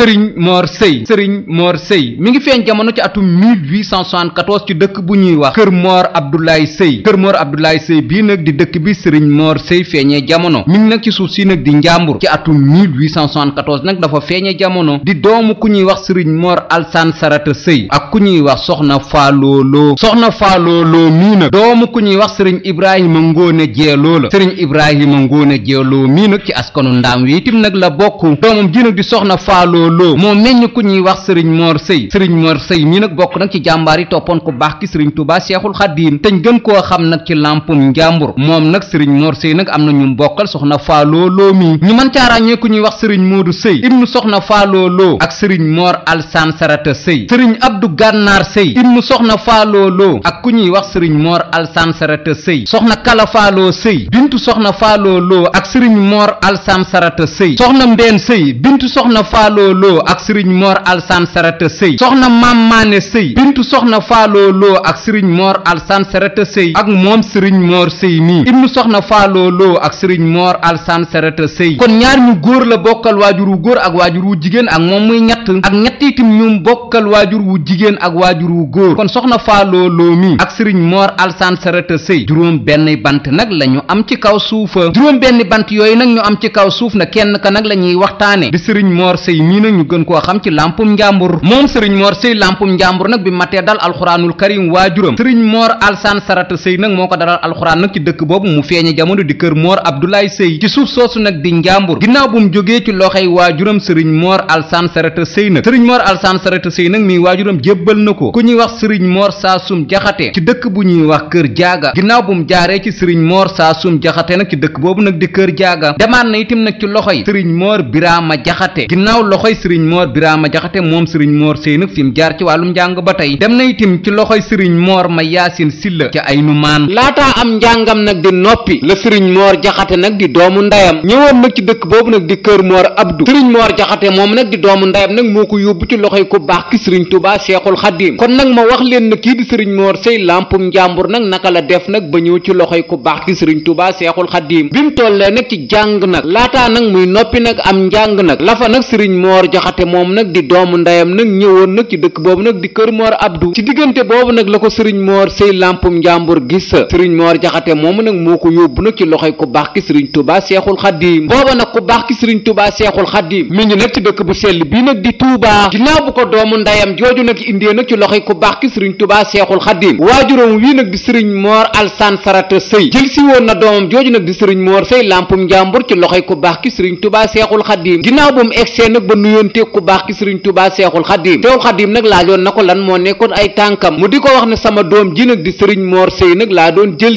sëriñ moor sëy sëriñ moor sëy mi ngi feeñ jamono ci atum 1874 ci dëkk bu ñuy wax kër moor abdoulaye sëy kër moor abdoulaye sëy bii nag di dëkk bi sëriñ moor sëy feeñee jamono mi ngi nag ci suuf si nag di njàmbur ci atum 1874 nag dafa feeñee jamono di doomu ku ñuy wax sëriñ moor alsaan sarata sëy ak ku ñuy wax soxna faalooloo soxna faalooloo mii nag doomu ku ñuy wax sëriñ ibrahima ngóone jeeloo la sëriñ ibrahima ngóone jeeloo mii nag ci askanu ndaam wi itam nag la bokk doomam Bethio Lo moo meññ ku ñuy wax sëriñ Mor Sëy sëriñ Mor Sëy mi nag bokk nag ci jàmbaar yi toppoon ku baax ki sëriñ Tuubaa Seexul Xadiim teñ gën koo xam nag ci lampum njàmbur moom nag sëriñ Mor Sëy nag am na ñu bokkal soxna Faaloo Lo mi ñu mën caa ràññee ku ñuy wax sëriñ Moodu Sëy ibnu soxna Faaloo Lo ak sëriñ Mor Alsaan Sarata Sëy sëriñ Abdu Gànnaar Sëy ibnu soxna Faaloo ak ku ñuy wax sëriñ moor Alsaan Sarata Sëy soxna Kala Faaloo Sëy bintu soxna Faaloo Lo ak sëriñ Mor Alsaan Sarata Faalo Lo ak sëriñ moor Alsan Sarata sëy soxna Maam Maane sëy bintu soxna Faalo Lo ak sëriñ moor Alsan Sarata sëy ak moom sëriñ Mor sëy nii ibnu soxna Faalo Lo ak sëriñ Mor Alsan Sarata sëy kon ñaar ñu góor la bokkal waajur wu góor ak waajur wu jigéen ak moom muy ñett ak ñett itam ñu bokkal waajur wu jigéen ak waajur wu góor kon soxna Faalo Lo mi ak sëriñ moor Alsan Sarata sëy juróom benn bant nag lañu am ci kaw suufa juróom benn bant yooyu nag ñu am ci kaw suuf na kenn ka nag la ñuy waxtaane di sëriñ Mor sëy mii na ñu gën koo xam ci lampum njàmbur moom sëriñ moor sëy lampum njàmbur nag bi matee dal alxuraanul karim waajuram sëriñ moor alsaan sarata sëy nag moo ko dalal alxuraan nag ci dëkk boobu mu feeñe jamono di kër moor abdoulaye sëy ci suuf soosu nag di njàmbur ginnaaw bu mu jógee ci loxoy waajuram sëriñ moor alsaan sarata sëy nag sëriñ moor alsaan sarata sëy nag mi waajuram jébbal na ko ku ñuy wax sëriñ moor saasum jaxate ci dëkk bu ñuy wax kër jaaga ginnaaw bu mu jaaree ci sëriñ moor saasum jaxate nag ci dëkk boobu nag di kër jaaga demaat loxoy sëriñ moor biraama jaxate moom sëriñ moor seynu fi mu jaar ci wàllum njàng ba tey dem na itim ci loxoy sëriñ moor ma yaasin silla ci ay numaan laataa am njàngam nag di noppi la sëriñ moor jaxate nag di doomu ndeyam ñëwoon nag ci dëkk boobu nag di kër moor abdu sëriñ moor jaxate moom nag di doomu ndayam nag moo ko yóbbu ci loxoy ku baax ki sëriñ tubaa seexul xaddiim kon nag ma wax leen na kii di sëriñ moor sëy lampum njàmbur nag naka la def nag ba ñëw ci loxoy ku baax ki sëriñ tubaa seexul xaddiim bi mu tollee nag jàng nag laataa nag Mor Jaxate moom nag di doomu ndeyam nag ñëwoon nag ci dëkk boobu nag di kër Mor Abdou ci diggante boobu nag la ko sëriñ Mor sëy lampum njàmbur gis sëriñ Mor ko yóbbu nag ci loxoy ku baax ki sëriñ Tuubaa Seexul Xaddiim booba nag ku baax ki sëriñ Tuubaa Seexul Xaddiim mi ngi nag ci dëkk bu sell bii nag di Tuubaa ginnaaw bu ko doomu ndeyam jooju nag indee nag ci loxoy ku baax ki sëriñ Tuubaa Seexul Xaddiim waajuram wii nag di sëriñ Mor Alsaan Sarata sëy jël si woon na doomam jooju nag di sëriñ Mor sëy lampum ki sëriñ Tuubaa Seexul Xaddiim mu egsee nag ba nuyu nuyonteeg ku baax ki sëriñ tubaa seexul xadim seexul xadim nag laajoon na ko lan moo nekkoon ay tànkam mu di ko wax ne sama doom ji nag di sëriñ moor sëy nag laa doon jël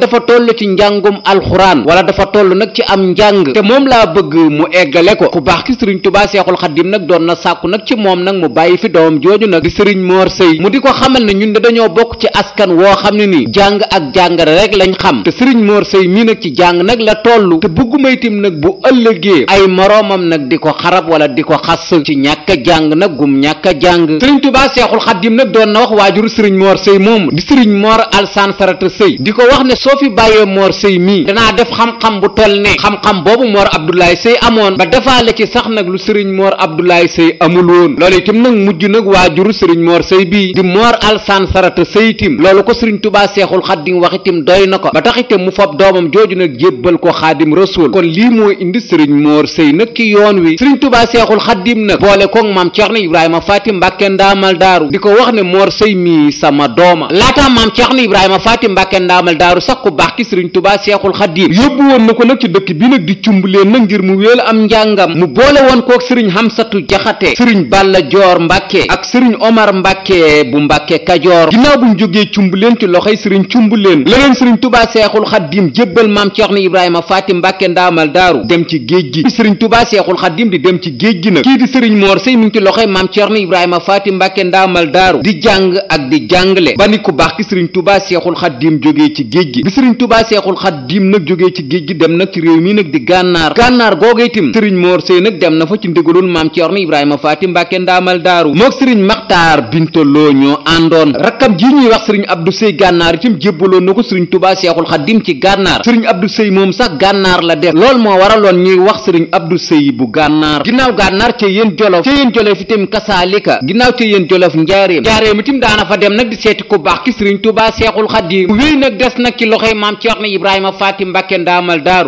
dafa toll ci njàngum alxuraan wala dafa toll nag ci am njàng te moom laa bëgg mu eggale ko ku baax ki sëriñ tubaa seexul xadim nag doon na sàkku nag ci moom nag mu bàyyi fi doomam jooju nag di sëriñ moor sëy mu di ko xamal na ñun de dañoo bokk ci askan woo xam ne nii jàng ak jàngale rek lañ xam te sëriñ moor sëy mii nag ci jàng nag la toll te bëgguma itam nag bu ëllëgee ay moroomam nag di ko xarab wala di ko xas ci ñàkk a jàng nag gum ñàkk a jàng sëriñ tubaa seexul xaddim nag doon na wax waajuru sëriñ moor sëy moomu di sëriñ moor alsaan sarata sëy di ko wax ne soo fi bàyyee moor sëy mii danaa def xam-xam bu toll ne xam-xam boobu moor abdoulaye sëy amoon ba defaale ci sax nag lu sëriñ moor abdoulaye sëy amul woon loolu itam nag mujj nag waajuru sëriñ moor sëy bii di moor alsaan sarata sëy tim loolu ko sëriñ tubaa seexul xaddim wax itam doy na ko ba tax mu fob doomam jooju nag jébbal ko xaadim rasul kon lii moo indi sëriñ moor sëy nag ci yoon wi sëriñ tubaa seexul xaddim nag boole koog maam Cerno Ibrahima Faati Mbàkke ndaamal daaru di ko wax ne Mor Sëy mi sama dooma laataa maam Cerno Ibrahima Faati Mbàkke ndaamal daaru sax ku baax ki Sëriñ Tuubaa seexul xaddim yóbbu woon na ko nag ci dëkk bi nag di cumb leen nag ngir mu wéel njàngam mu boole woon koog Sëriñ Xamsatu Jaxate Sëriñ Balla Joor Mbàkke ak Sëriñ Omar Mbàkke bu Mbàkke Kajoor ginnaaw bu ñu leen ci loxoy Sëriñ cumb leen leneen Sëriñ Tuubaa seexul xaddim jébbal maam Cerno Ibrahima Faati Mbàkke ndaamal daaru dem ci géej gi Sëriñ Tuubaa seexul xaddim di dem ci géej géej gi nag kii di sëriñ moor sëy mu ngi ci loxoy maam Cerno Ibrahima Faati Mbàkke ndaamal daaru di jàng ak di jàngale ba ni ku baax ki sëriñ Tuubaa Seexul Xadiim jógee ci géej gi bi sëriñ Tuubaa Seexul Xadiim nag jógee ci géej gi dem nag ci réew mi nag di gànnaar gànnaar googee itam sëriñ moor sëy nag dem na fa ci ndigalul maam Cerno Ibrahima Faati Mbàkke ndaamal daaru mook sëriñ Maxtaar Bintaloo ñoo àndoon rakkam ji ñuy wax sëriñ Abdu Sëy gànnaar itam jébbaloon na ko sëriñ Tuubaa Seexul Xadiim ci gànnaar sëriñ Abdu Sëy moom sax gànnaar la def loolu moo waraloon ñuy wax sëriñ Abdu Sëy bu gànnaar ginnaaw gànnaar ca yéen jolof ca yéen jolof itam kasaalika ginnaaw ca yéen jolof njaareem njaareem itam daana fa dem nag di seeti ku baax ki sëriñ tubaa seexul xadiim mu wéy nag des nag ci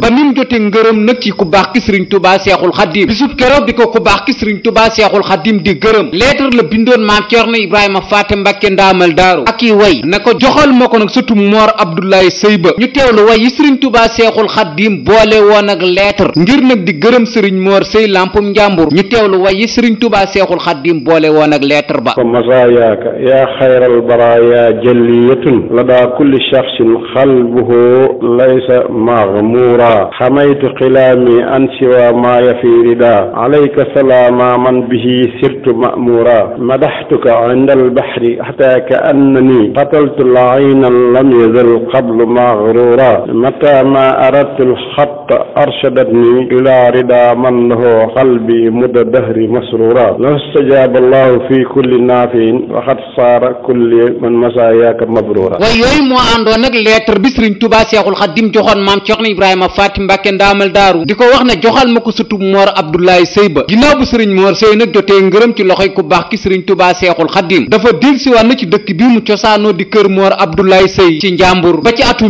ba nim jote ngërëm nag ci ku baax ki bisub keroog di ko ku baax ki sëriñ tubaa seexul xadiim di gërëm leetar la bindoon maam Ceerno ibrahima faati mbàkke ndaamal daaru ak i way na ko joxal ma ko nag sëtu moor abdoulaye sëyba ñu teewlu way yi sëriñ tubaa seexul xadiim boole woon ak leetar ngir nag di gërëm sëriñ moor sëy lampum njàmbur Mbuur ñu teewlu way yi sëriñ Tuubaa Seexul Xaddiim boole woon ak lettre ba fa masaayaaka yaa xayral baraaya jëlliyatun la daa kulli shaxsin xalbuhu laysa maxmuura xamaytu xilaami an siwa maa yafi rida alayka salaama man bihi sirtu mamuura madaxtuka inda albahri xataa ka annani qataltu laayna lam yazal qablu maxruura mata ma aradtu alxatt arshadatni ila rida man lahu qalbi mudda dahri masrura la stajaaba allahu fi kulli naafiin waxat saara kulli man masa yaaka mabrura waaye yooyu moo àndoon nag lettre bi sëriñ tubaa seexul xadim joxoon maam Ceerno ibrahima faati mbàkke ndaamal daaru di ko wax ne joxal ma ko sutub moor abdoulaye sëy ba ginnaaw bu sëriñ moor sëy nag jotee ngërëm ci loxo loxoy ku baax ki sëriñ tubaa seexul xadim dafa dil si wànn ci dëkk bi mu cosaanoo di kër moor abdoulaye sëy ci njàmbur ba ci atu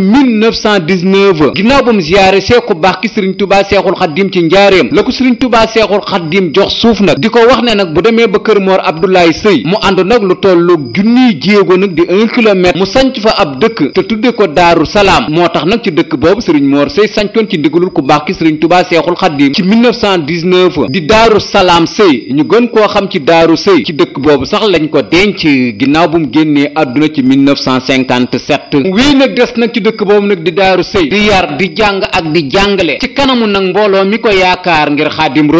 ginnaaw ba mu ziyaare see ku baax ki sëriñ tubaa seexul xadim ci njaareem la ko sëriñ tubaa seexul xadim ndim jox suuf nag di ko wax ne nag bu demee ba kër Mor Abdoulaye Seye mu ànd nag lu tollu junniy jéego nag di un kilomètre mu sanc fa ab dëkk te tudde ko daaru salaam moo tax nag ci dëkk boobu sëriñ Mor Seye sancoon ci ndigalul ku baax ki sëriñ Touba Seexul Xaddim ci 1919 di daaru salaam Seye ñu gën koo xam ci daaru Seye ci dëkk boobu sax lañ ko denc ginnaaw bu mu génnee àdduna ci 1957 wii nag des nag ci dëkk boobu nag di daaru Seye di yar di jàng ak di jàngale ci kanamu nag mbooloo mi ko yaakaar ngir Xaadim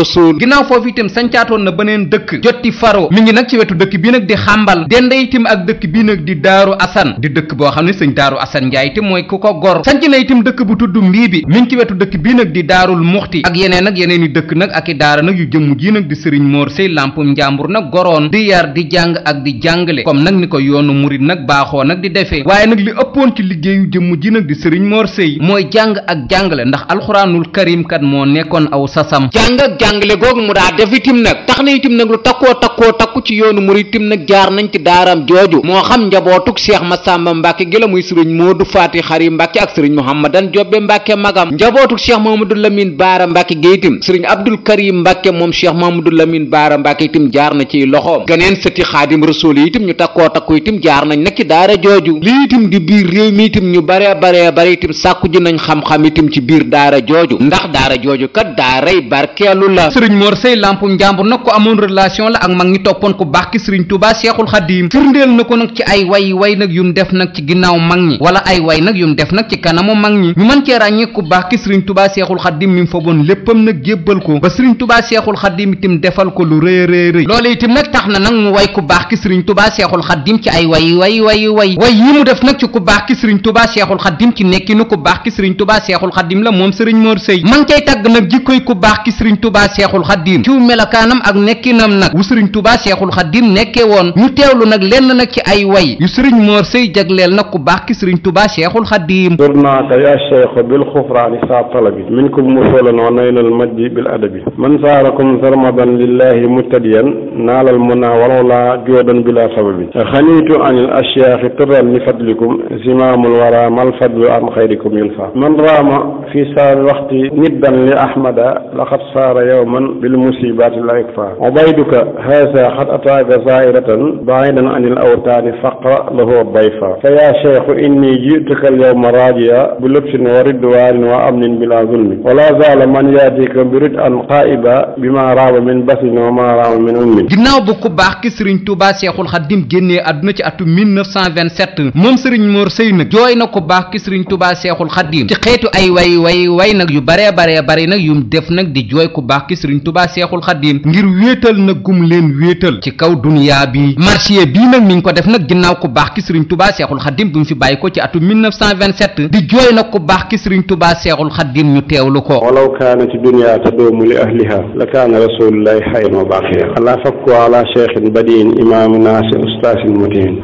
ginnaaw foofu itam sancaatoon na beneen dëkk jotti faro mi ngi nag ci wetu dëkk bii nag di xàmbal dende itam ak dëkk bii nag di daaru asan di dëkk boo xam ne sëñ daaru asan njaay itam mooy ku ko gor sanc na itam dëkk bu tudd mbii bi mi ngi ci wetu dëkk bii nag di daarul muxti ak yeneen ak yeneen i dëkk nag ak i daara nag yu jëmm ji nag di sëriñ Mor Sey lampum njàmbur nag goroon di yar di jàng ak di jàngale comme nag ni ko yoonu murit nag baaxoo nag di defee waaye nag li ëppoon ci liggéeyu jëmm ji nag di sëriñ Mor Sey mooy jàng ak jàngale ndax alxuraanul karim kat moo nekkoon aw sasam mu daa def itim nag tax na itim nag lu takkoo takkoo takku ci yoonu murit itim nag jaar nañ ci daaram jooju moo xam njabootug cheikh masamba mbàkke gi la muy sëriñ moodu faati xari mbàkke ak sëriñ mouhamadan jobbe mbàkke magam njabootug cheikh mahamadou lamine baara mbàkke gi itim sëriñ abdul karim mbàkke moom cheikh mahamadou lamine baara mbàkke itim jaar na ciy loxoom ganeen sëti xaadim rasool yi itim ñu takkoo takk itim jaar nañ nag ci daara jooju lii itim di biir réew mi itim ñu bare bare bare itim sàkku ji nañ xam-xam itim ci biir daara jooju ndax daara jooju kat daaray sëy lampum njàmbur nag ko amoon relation la ak mag ñi toppoon ku baax ki sëriñ Tuubaa Seexul Xadiim firndeel na ko nag ci ay way way nag yum def nag ci ginnaaw mag ñi wala ay way nag yum def nag ci kanamu mag ñi ñu mën cee ràññee ku baax ki sëriñ Tuubaa Seexul Xadiim mi mu foboon léppam nag jébbal ko ba sëriñ Tuubaa Seexul Xadiim itam defal ko lu rëy rëy rëy loolu itam nag tax na nag mu way ku baax ki sëriñ Tuubaa Seexul Xadiim ci ay way way way way way yi mu def nag ci ku baax ki sëriñ Tuubaa Seexul Xadiim ci nekkinu ku baax ki sëriñ Tuubaa Seexul Xadiim la moom sëriñ Mor Sëy ma ngi cay tàgg nag jikkoy ku baax ki sëriñ Tuubaa Seexul Xadiim xaddiim ciw melakaanam ak nekkinam nag wu sëriñ tubaa seexul xaddiim nekkee woon ñu teewlu nag lenn nag ci ay way yu sëriñ moor sëy jagleel nag ku baax ki sëriñ tubaa seexul xaddiim durnaaka yaa cheikh bil xufraani saa talabi minkum musolano naynal majji bil adabi man saarakum sarmadan lillahi mutadiyan naalal muna walawla joodan bila sababi xaniitu anil ashyaaxi tëran li fadlikum zimaamul wara mal fadlu am xayrikum yulfa man raama fi saari waxti niddan li ahmada laxat saara yowman lil musibaati la ikfa ubayduka haasa xad ataaka zaa'iratan baa'idan anil awtaani faqra lahu dayfa fa yaa cheikhu inni ji'tuka al yawma raajiya bi lubsin wa ridwaanin wa amnin bilaa zulmi wala zaala man yaatika bi rid an qaaiba bi maa raaba min basin wa maa raaba min ummin ginnaaw bu ku baax ki sëriñ Tuubaa Seexul Xadiim génnee àdduna ci atum 1927 moom sëriñ Mor Seye nag jooy na ku baax ki sëriñ Tuubaa Seexul Xadiim ci xeetu ay way way way nag yu baree baree bari nag yum def nag di jooy ku baax ki sëriñ Tuubaa Tuubaa Seexul ngir wéetal nag leen wéetal ci kaw duniyaa bi marché bii nag mi ko def nag ginnaaw ku baax ki Sëriñ Tuubaa Seexul Xadiim bi mu fi bàyyi ko ci atu 1927 di jooy nag ku baax ki Sëriñ Tuubaa Seexul Xadiim ñu teewlu ko walaw kaanati dunya taduumu li la kaana rasulullahi xayran wa baaqiya ala fakku ala cheikhin badiin imaamu naasi ustaasin mutiin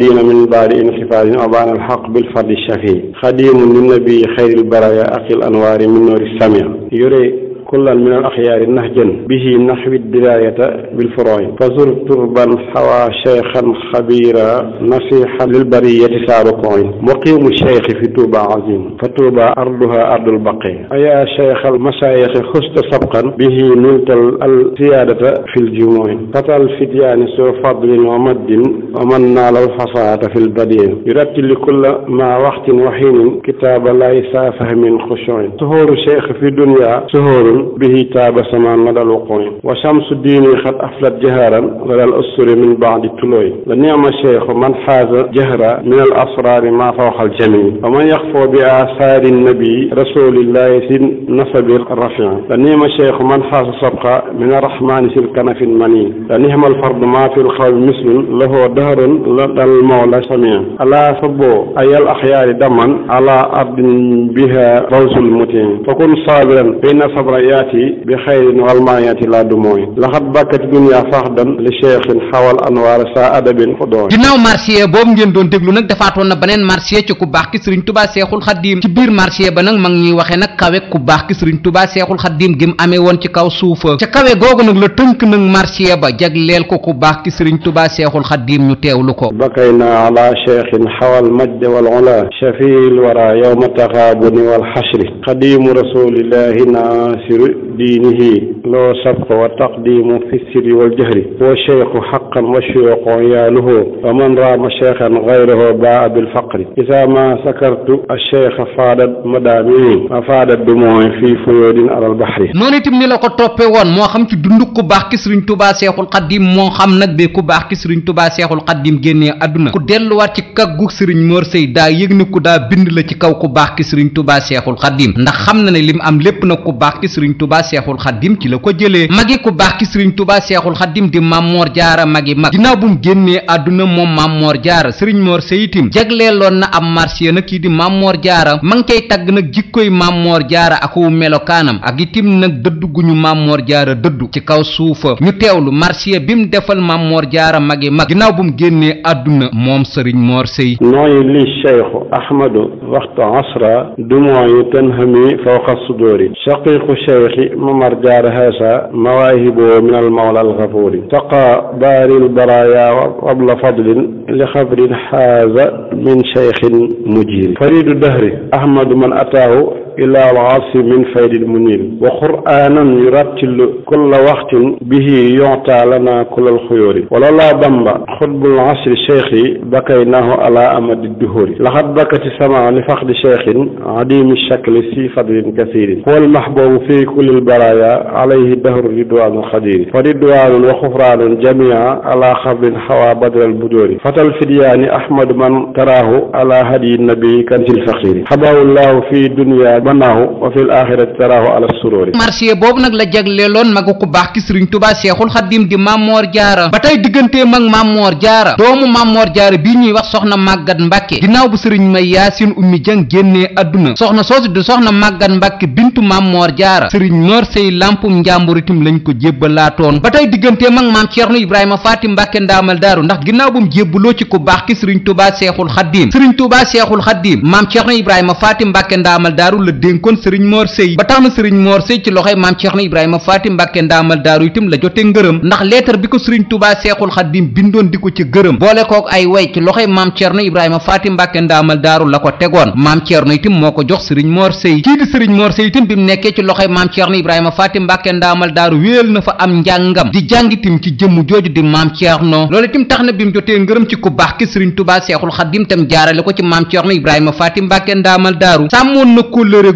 diina min baadi inxifaadin abaana alxaq bilfardi shafii xadiimun linnabii xayril baraya aqil anwaari min noori samia yore kullan min al axyaari nahjan bihi nahwi dilayata bil furooy fasur turban xawaa cheikhan xabira nasihan lil bariyati saaru kooy muqimu cheikhi fi tuuba azim fa tuuba arduha ardul baqi ayaa cheikhal masaayixi xusta sabqan bihi nultal al siyaadata fil jumooy fatal fityaani soo fadlin wa maddin wa man naalal fasaata fil badin yurattili kulla ma waxtin waxinin kitaaba lay saa fahmin xushooy suhooru cheikh fi dunya suhoorun bihi taaba samaan la dal wuquni wa shamsu diini xat aflat jaharan la dal usturi min baadi tulooy la niama cheikhu man xaaza jahra min al asraari maa fawxal jamii wa man yaxfoo bi asaari nabi rasulillahi si nasabi rafin la niama cheikhu man xaasa sabqa min arrahmaani sil kanafin mani la nihmal fardu maa fi lxawmi mislun lahoo daharun la dal mawla samia alaa saboo ayal axyaari daman ala ardin biha rawsul mutin fa kun saabiran fa inna sabra yaati bi xayrin wal maayati laa du mooy laxat bàkkat dunya faaxdan li cheikhin xawal anwaar saa adabin fu dooy ginnaaw marché boobu ngeen doon déglu nag dafaatoon na beneen marché ci ku baax ki sëriñ tubaa seexul xaddiim ci biir marché ba nag mag ñuy waxee nag kawe ku baax ki tubaa seexul xaddiim gi mu amee woon ci kaw suufa ca kawe googu nag la tënk nag marché ba jagleel ko ku baax ki sëriñ tubaa seexul xaddiim ñu teewlu ko bakay na ala cheikhin xawal majd wal ula shafiil wara yowma taxaabuni wal xashri xadiimu rasulillahi naasir diinihi loo sabqa wa taqdimu fi sirri wal jahri wa cheikhu xaqan wa chuyuqon yaaluhu wa man raama cheikhan gayrahu baa bil faqri isa ma sakartu acheikha faadat madaami wa faadat du mooy fii fuyudin alal bahri noonu itam ni la ko toppe woon moo xam ci dundu ku baax ki sëriñ tubaa seexul xaddim moo xam nag bi ku baax ki sëriñ tubaa seexul xaddim génnee àdduna ku delluwaat ci kaggu sëriñ Mor Seye daa yëg ni ku daa bind la ci kaw ku baax ki sëriñ tubaa seexul xaddim ndax xam na ne lim am lépp nag ku baax ki sëriñ sëriñ tubaa seexul xaddim ci la ko jëlee magi ku baax ki sëriñ tubaa seexul xaddim di mammoor jaara magi mag ginnaaw bu mu génnee àdduna moom mammoor jaara sëriñ moor seyitim jagleeloon na am marché nag kii di mammoor jaara ma ngi cay tagg nag jikkoy mammoor jaara ak wu melokaanam ak itim nag dëdd gu ñu mammoor jaara dëddu ci kaw suufa ñu teewlu marché bi mu defal mammoor jaara magi mag ginnaaw bu mu génnee àdduna moom sëriñ moor sey mooy li cheikh ahmadu waxtu asra du mooy tanhami fawqa sudori shaqiqu cheikh الشيخ ممر جار هاشا مواهبه من المولى الغفور تقى باري البرايا وقبل فضل لخبر حاز من شيخ مجيل فريد الدهر أحمد من أتاه إلى العاصي من فيد المنير وقرآنا يرتل كل وقت به يعطى لنا كل الخيور ولولا بمبا خطب العصر شيخي بكيناه على أمد الدهور لقد بكت السماء لفقد شيخ عديم الشكل في فضل كثير هو المحبوب في fi kullil baraya alayhi dahru ridwaanu xadiri fa ridwaanun wa xufraanun jamia ala xabrin xawa badral budóori fatal fidyaani ahmadu man taraahu ala hadiyi nabi kantil faqiri xabawullahu fi dunya manaahu wa fi l axirati taraahu ala suróori marché boobu nag la jagleeloon magu ku baax ki sëriñ tubaa seexul xadim di mammoor jaara ba tey diggantee mag mammoor jaara doomu mammoor jaara bii ñuy wax soxna màggat mbàkke ginnaaw bu sëriñ may yaasin ummi jang génnee adduna soxna soosu di soxna màggat mbàkke bintu mammoor jaara sëriñ Mor Sey lampum njàmbur itam lañ ko jébbalaatoon ba tey digganteem ak maam Thierno Ibrahima Faty Mbacke ndaamal daaru ndax ginnaaw bu mu jébbuloo ci ku baax ki sëriñ Touba Seexul Xaddiim sëriñ Touba Seexul Xaddiim maam Thierno Ibrahima Faty Mbacke ndaamal daaru la dénkoon sëriñ Mor Sey ba tax na sëriñ Mor Sey ci loxoy maam Thierno Ibrahima Faty Mbacke ndaamal daaru itam la jote ngërëm ndax lettre bi ko sëriñ Touba Seexul Xaddiim bindoon di ko ci gërëm boole kook ay way ci loxoy maam Thierno Ibrahima Faty Mbacke ndaamal daaru la ko tegoon maam Thierno itam moo ko jox sëriñ Mor Sey kii di sëriñ Mor Sey itam bi mu nekkee ci maam Thierno Ibrahima Faty Mbacke ndaamal daaru wéel na fa am njàngam di jàngitim ci jëmm jooju di maam Thierno loolu na bi mu jotee ngërëm ci ku baax ki Serigne Touba Seexul Xadim tam Ibrahima Faty Mbacke ndaamal daaru na kóllëre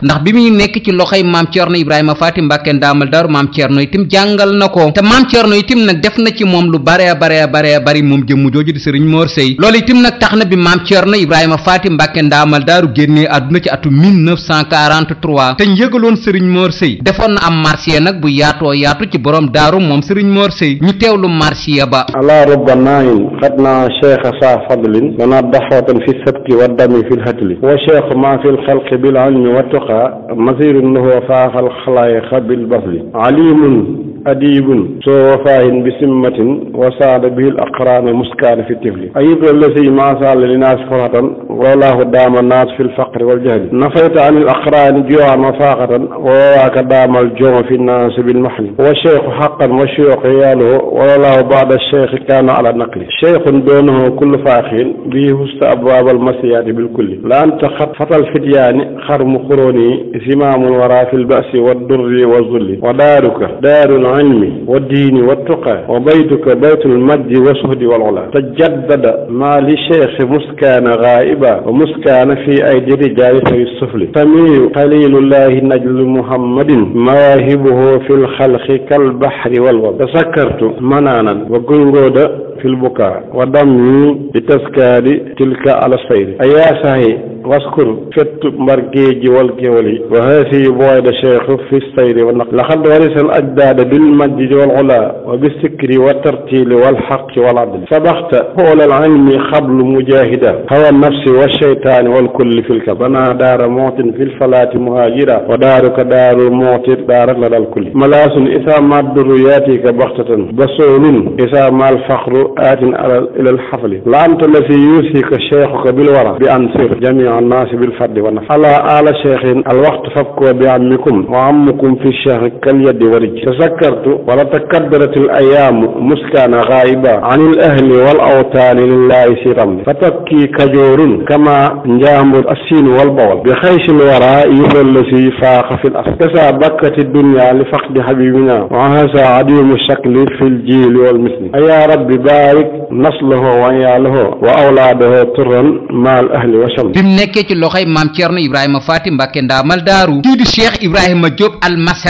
ndax bi muy nekk ci loxoy maam Thierno Ibrahima Faty Mbacke ndaamal daaru maam Thierno itam jàngal na ko te maam Thierno itam nag def na ci moom lu bare bare bare bari moom jëmm jooju di Serigne Mor Sey loolu itam nag tax na bi maam Thierno Ibrahima Faty Mbacke ndaamal daaru génnee àdduna ci ci atu 1943 te njëgaloon sëriñ Mor Sëy defoon na am marsiya nag bu yaatoo yaatu ci borom daaru moom sëriñ Mor Sëy ñu teewlu marsiya ba alaa rubba naayin xat naa cheikh saa fadlin dana daxootan fi sabki wa dami fi lhatli wa cheikh maa fi lxalqi bil ilmi wa tuqa masirun lahu faafal xalaay xabil basli alimun adibun soo wafaahin bi simmatin wasaada bihil aqraana muskaana fi tifli ayib allasi maasaala li naas farxatan walaahu daama naas fi lfaqri waljahli nafayta an il aqraani jiwaan wa faaqatan walaaka daamal jooma fi naasi bilmahli wa cheikhu xaqan wa cheikhu yaaluhu walaahu baada cheikhi kaana ala naqli cheikhun doonahu kullu faaxiin bihi fusta abwaabal masiyaati bilkulli la anta xat fatal fityaani xarmu xuróoni simaamun waraa fi lbasi wa durri wa zulli wa daaruka daaruna العلم والدين والتقى وبيتك بيت المجد والسهد والعلا تجدد ما لشيخ مسكان غائبا ومسكان في أيدي رجال في السفل تميل قليل الله نجل محمد مواهبه في الخلق كالبحر والوضع تسكرت منانا وقنقود في البكاء ودمي بتسكار تلك على السير أيا سهي waskuru fettu mbar géej gi wal géwal yi wa haasiyi boyda cheikhu fi sayri wa naq laxad warisal ajdaada bil majdi wal ula wa bi sikri wa tartili wal xaqi wal adli sabaxta xoolal ilmi xablu mujahida hawa nafsi wa cheytaani wal kulli fil kab banaa daara mootin fil falaati muhaajira wa daaruka daarul mootir daarak la dal kulli malaasun isaa madduru yaatika baxtatan basoolun isaa maal faxru aatin alal ilal xafli la anta la fi yuusika cheikhuka bil wara bi ansir jami an naasi bil faddi wa naf ala ala cheikhin al waxtu fakkoo bi ammikum wa ammukum fi chehri kal yaddi warij tasakkartu wala takaddarat al ayaamu muskaana xaayiba an il ahli wal awtaani lillahi sitam fa tabki kajoorun kama njaambur assiinu wal bawol bi xaysil wara yufallasi faaxa fi l as kasa bakkati dunya li faqdi habibina wa hasa adimu shakli fi l jiili wal misli ayaa rabbi baarik naslahu wa iyaalahu wa awlaadahu turran maal ahli wa sham nekkee ci loxo loxoy maam Thierno Ibrahima Faty Mbacke ndaamal daaru kii di Cheikh Ibrahima Diop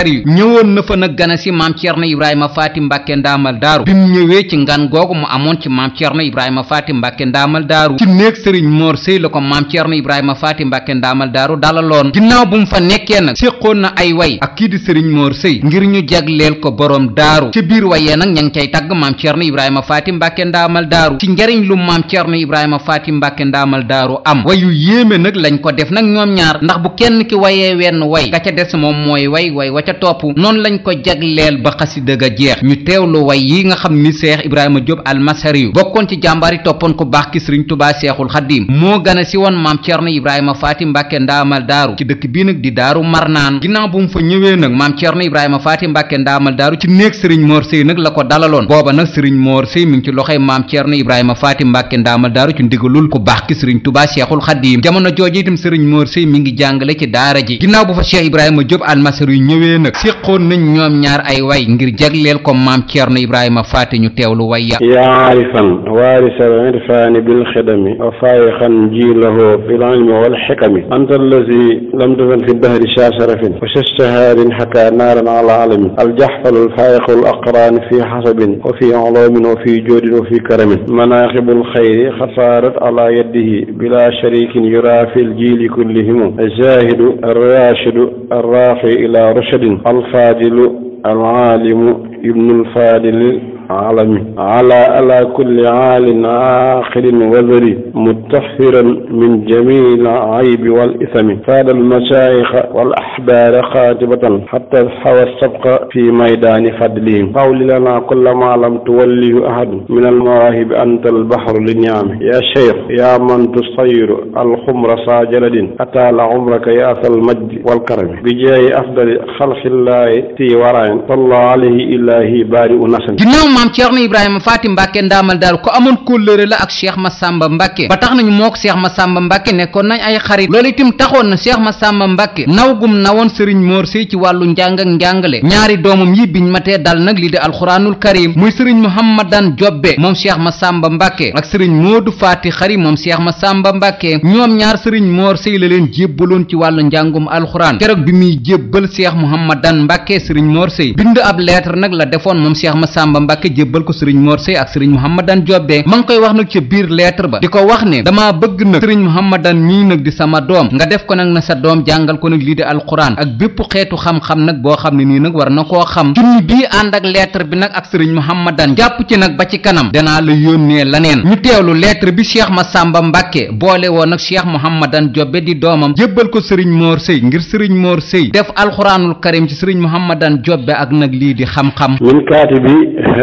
yi ñëwoon na fa nag gana si maam Thierno Ibrahima Faty Mbacke daaru bi mu ñëwee ci ngan googu mu amoon ci maam Thierno Ibrahima Faty Mbacke ndaamal daaru ci sëriñ Mor Sey la ko maam Thierno Ibrahima Faty Mbacke ndaamal daaru dalaloon ginnaaw bu mu fa nekkee nag séqoon na ay way ak kii di sëriñ Mor sëy ngir ñu jagleel ko borom daaru ci biir wayee nag ña ngi cay tagg maam Thierno Ibrahima Faty Mbacke ndaamal daaru ci njariñ lu maam Thierno Ibrahima Faty Mbacke ndaamal daaru am wayu yéeme nag lañ ko def nag ñoom ñaar ndax bu kenn ki wayee wenn way ka ca des moom mooy way way wa ca topp noonu lañ ko jagleel ba xasida ga jeex ñu teewlu way yi nga xam ni seex ibrahima Diop almasari yu bokkoon ci jàmbaar yi toppoon ku baax ki sëriñ tubaa seexul xadim moo gane si woon maam Cerno ibrahima faati mbàkke ndaamal daaru ci dëkk bii nag di daaru naan dinaa bu mu fa ñëwee nag maam Cerno ibrahima faati mbàkke ndaamal daaru ci néeg sëriñ Mor Sey nag la ko dalaloon booba nag sëriñ Mor Sey mi ngi ci loxoy maam Cerno ibrahima faati mbàkke ndaamal daaru ci ndigalul ku baax jamono jooju itam sëriñ Mor Seye mi ngi jàngale ci daara ji ginnaaw bu fa Cheikh Ibrahima Diop almasar yu ñëwee nag séqoon nañ ñoom ñaar ay way ngir jagleel ko maam Ceerno Ibrahima Faati ñu teewlu way ya yaarifan waarisal irfaani bil xidami wa faayixan jiilahu bil ilmi wal xikami anta allazi lam tafan fi dahri shaasharafin wa shashtahaarin xakaa naaran ala alamin aljaxfal alfaayiqu al aqraani fi xasabin wa fi uloomin wa fi joodin wa fi karamin manaaxibul xayri xasaarat ala yadihi bila sharikin الذكرى في الجيل كلهم الزاهد الراشد الراقي إلى رشد الفاضل العالم ابن الفاضل alami ala ala kulli aalin aaxirin wazari mutahiran min jamil aybi wal isami saada almashaayikha wal ahbaara xaatibatan xatta hawa sabqa fi maydaani fadlihim xawli lana kulla ma lam tuwallihu ahadu min almawaahibi anta albahru linyaami ya cheikh ya man tusayiru alxumra saa jaladin ataala umraka ya asal majdi walkarami bi jeeyi afdali xalqillaahi ti waraayin salla alayhi ilaahi baari u nasami maam Ceerno Ibrahima Faati Mbàkke ndaamal daaru ko amoon kóllëre la ak Cheikh Massamba Mbàkke ba tax nañu mook Cheikh Massamba Mbàkke nekkoon nañ ay xarit loolu itam taxoon na Cheikh Massamba Mbàkke naw gum nawoon sëriñ Mor Seye ci wàllu njàng ak njàngale ñaari doomam yi biñ matee dal nag li di alxuraanul karim muy sëriñ Mouhamadan Jobbe moom ma sàmba Mbàkke ak sëriñ Moodu Faati Xari moom ma sàmba Mbàkke ñoom ñaar sëriñ Mor Seye la leen jébbaloon ci wàllu njàngum alxuraan keroog bi muy jébbal Cheikh Mouhamadan Mbàkke sëriñ Mor Seye bind ab lettre Mbàkke jébbal ko sëriñ Mor Seye ak sëriñ Mouhamadan Jobe koy wax nag ca biir lettre ba di ko wax ne damaa bëgg nag sëriñ Mouhamadan ñii nag sama doom nga def ko nag na sa doom jàngal ko nag lii di alxuraan ak bépp xeetu xam-xam nag boo xam ne nii nag war na koo xam junni bii ànd ak lettre bi nag ak sëriñ Mouhamadan jàpp ci nag ba ci kanam danaa la yónnee laneen ñu teewlu lettre bi Cheikh Massamba Mbàkke boole woon nag Cheikh Mouhamadan Jobe di doomam jébbal ko sëriñ Mor Seye ngir sëriñ Mor Seye def alxuraanul karim ci sëriñ Mouhamadan Jobe ak nag lii di xam-xam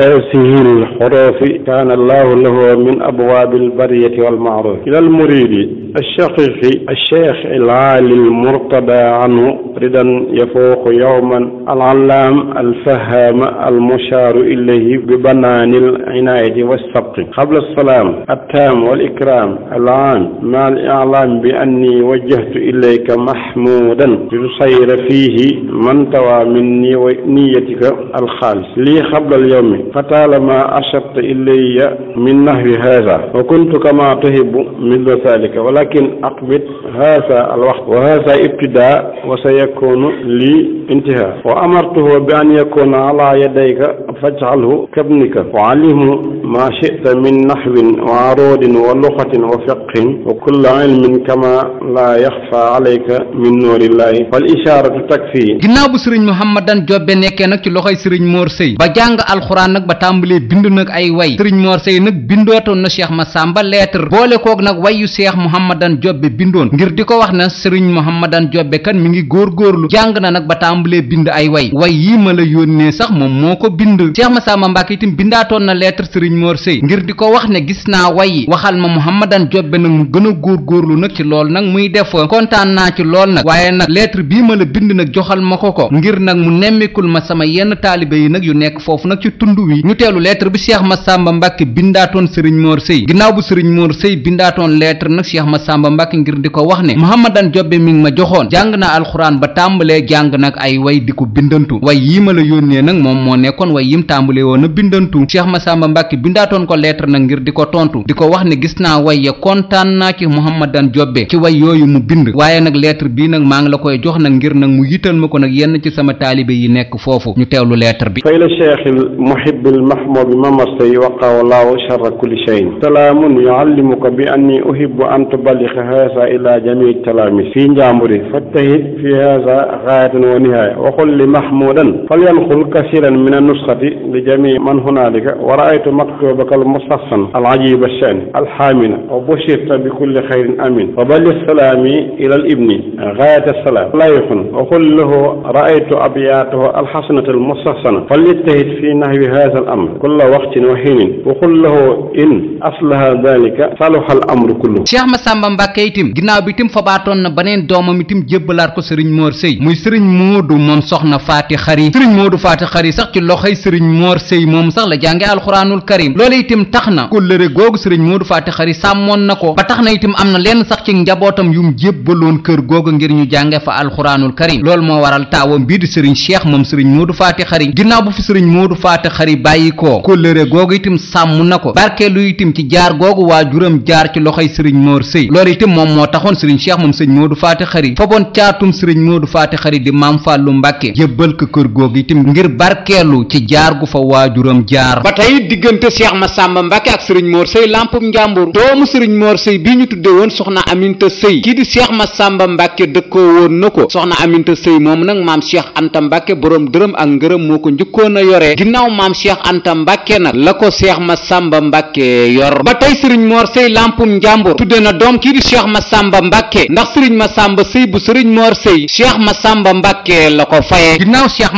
هذه الحروف كان الله له من أبواب البرية والمعروف إلى المريد الشقيق الشيخ العالي المرتضى عنه ردا يفوق يوما العلام الفهام المشار إليه ببنان العناية والسبق قبل السلام التام والإكرام العام مع الإعلام بأني وجهت إليك محمودا لتصير فيه من توى من نيتك الخالص لي قبل اليوم fataalama ashabta ilayya min nahwi haza wa kuntu kama tuhibu mithla dhalika walakin aqbit haza alwaxt wa haza ibtidaa wa sayakunu li intihaa wa amartuhu bi an yakuna ala yadayka faj'alhu kabnika wa alimhu ma shi'ta min nahwin wa arodin wa lugatin wa fiqhin wa kulli ilmin kama la yaxfa alayka min nuurillahi wal isharatu takfi ginnaaw bu sëriñ Mouhamadane Diobé nekkee nag ci loxoy sëriñ Mor Seye ba jàng alxuraan nag nag ba tàmbalee bind nag ay way sëriñ Mor Seye nag bindootoon na ma sàmba lettre boole kook nag wayu Cheikh Mouhamadan Diobbe bindoon ngir di ko wax na sëriñ Mouhamadan Diobbe kan mi ngi góorgóorlu jàng na nag ba tàmbalee bind ay way way yii ma la yónnee sax moom moo ko bind Cheikh Massamba Mbacke itam bindaatoon na lettre sëriñ Mor Seye ngir di ko wax ne gis naa wayi waxal ma Mouhamadan Diobbe nag mu gën a góorgóorlu nag ci lool nag muy def kontaan naa ci lool nag waaye nag lettre bii ma la bind nag joxal ma ko ko ngir nag mu nemmikul ma sama yenn taalibe yi nag yu nekk foofu nag ci tund wi yi ñu teelu lettre bi Cheikh Massamba Mbacke bindaatoon Serigne Mor Seye ginnaaw bu Serigne Mor Seye bindaatoon lettre nag Cheikh Massamba Mbacke ngir di ko wax ne Mouhamadan Diobé mi ngi ma joxoon jàng naa alxuraan ba jàng nag ay way di ko bindantu way yii ma la yónnee nag moom moo nekkoon way yim tàmbalee woon a bindantu Cheikh Massamba Mbacke bindaatoon ko lettre nag ngir di ko tontu di ko wax ne gis naa way ya kontaan naa ci Mouhamadan Diobé ci way yooyu mu bind waaye nag lettre bii nag maa ngi la koy jox nag ngir nag mu yital ma ko nag yenn ci sama taalibe yi nekk foofu ñu teewlu lettre bi fay la cheikh muhib بالمحمود ممرسي وقى الله شر كل شيء سلام يعلمك بأني أحب أن تبلغ هذا إلى جميع التلاميذ في نجامري فاجتهد في هذا غاية ونهاية وقل لمحمودا فلينقل كثيرا من النسخة لجميع من هنالك ورأيت مكتوبك المستحسن العجيب الشأن الحامل وبشرت بكل خير أمين وبلغ سلامي إلى الابن غاية السلام لا يخن وقل له رأيت أبياته الحسنة المستحسنة فليجتهد في نحو هذا هذا الأمر كل وقت وحين وقل له إن أصلح ذلك صلح الأمر كله Cheikh Massamba Mbacke itam ginnaaw bi itam fabaatoon na beneen doomam itam jébbalaat ko Serigne Mor sëy muy Serigne Moodu moom soxna Faati Xari Serigne Moodu Faati Xari sax ci loxoy Serigne Mor Sey moom sax la jànge alxuraanul karim loolu itam tax na kóllëre googu sëriñ Moodu Faati Xari sàmmoon na ko ba tax na itam am na lenn sax ci njabootam yu mu jébbaloon kër googu ngir ñu jànge fa alxuraanul karim loolu moo waral taawam bii di Serigne Cheikh moom Serigne Moodu Faati bàyyi koo kóllëre googu itam sàmm na ko barkeelu itam ci jaar googu waajuram jaar ci loxoy sëriñ Mor Sëy loolu itam moom moo taxoon sëriñ Cheikh moom sëriñ Modou Faty Khary foboon caatum sëriñ Modou Faty Khary di maam fàllu Mbacke jébbal ko kër googu itam ngir barkeelu ci jaar gu fa waa waajuram jaar ba tey diggante Cheikh Massamba Mbacke ak sëriñ Mor Sëy lampum njàmbur doomu sëriñ moor Sëy bii ñu tuddee woon soxna Aminta Sëy kii di Cheikh Massamba Mbacke dëkkoo woon na ko soxna Aminta Sëy moom nag maam Cheikh Anta Mbacke borom dërëm ak ngërëm ko njëkkoon a yore Cheikh Anta Mbàkke nag la ko Cheikh Massamba Mbàkke yor ba tey sëriñ Mor Sëy lampum njàmbur tudde na doom kii di Cheikh Massamba Mbàkke ndax sëriñ Massamba Sëy bu sëriñ Mor Sëy Cheikh Massamba Mbàkke la ko faye ginnaaw Cheikh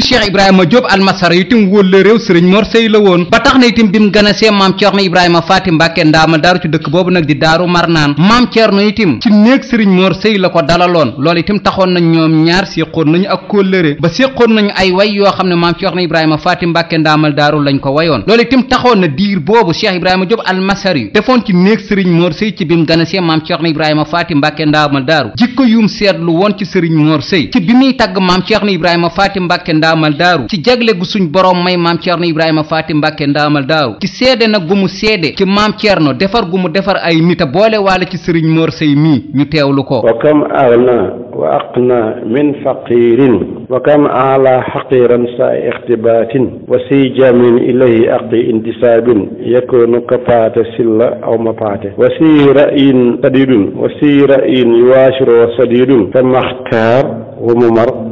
Cheikh Ibrahima Diop almasara la réew sëriñ Mor Sëy la woon ba tax na itam bi mu ganasee maam Ceerno Ibrahima Faati Mbàkke ndaama daaru ci dëkk boobu nag di daaru Marnaan maam Ceerno itam ci néeg sëriñ Mor Sëy la ko dalaloon loolu itam taxoon nañ ñoom ñaar séqoon nañu ak kóllëre ba séqoon nañu ay way yoo xam ne maam Ceerno Ibrahima Faati Faati Mbàkke ndaamal ko wayoon loolu itam taxoon na diir boobu Cheikh Ibrahima Diop almasari defoon ci néeg Serigne Mor Sëy ci bim gane see maam Cheikh na Ibrahima Faati Mbàkke ndaamal daaru jikko yum seetlu woon ci Serigne na Ibrahima Faati Mbàkke ndaamal daaru ci jagle gu suñ borom may maam Cheikh na Ibrahima Faati Mbàkke ndaamal daaru ci seede nag mu seede ci maam Ceerno defar gu mu defar ay nit a boole waale ci Serigne Mor Sëy mii ñu teewlu ko wa kam aghna wa aqna min faqirin wa kan ala xaqiran sa ixtibaatin wa si jamin ilayhi aqi intisaabin yakunu kapaate silla aw mapaate wa si ra'yin sadidun wa si ra'yin yuwaashiru wa sadidun fa maxtaar wa mumar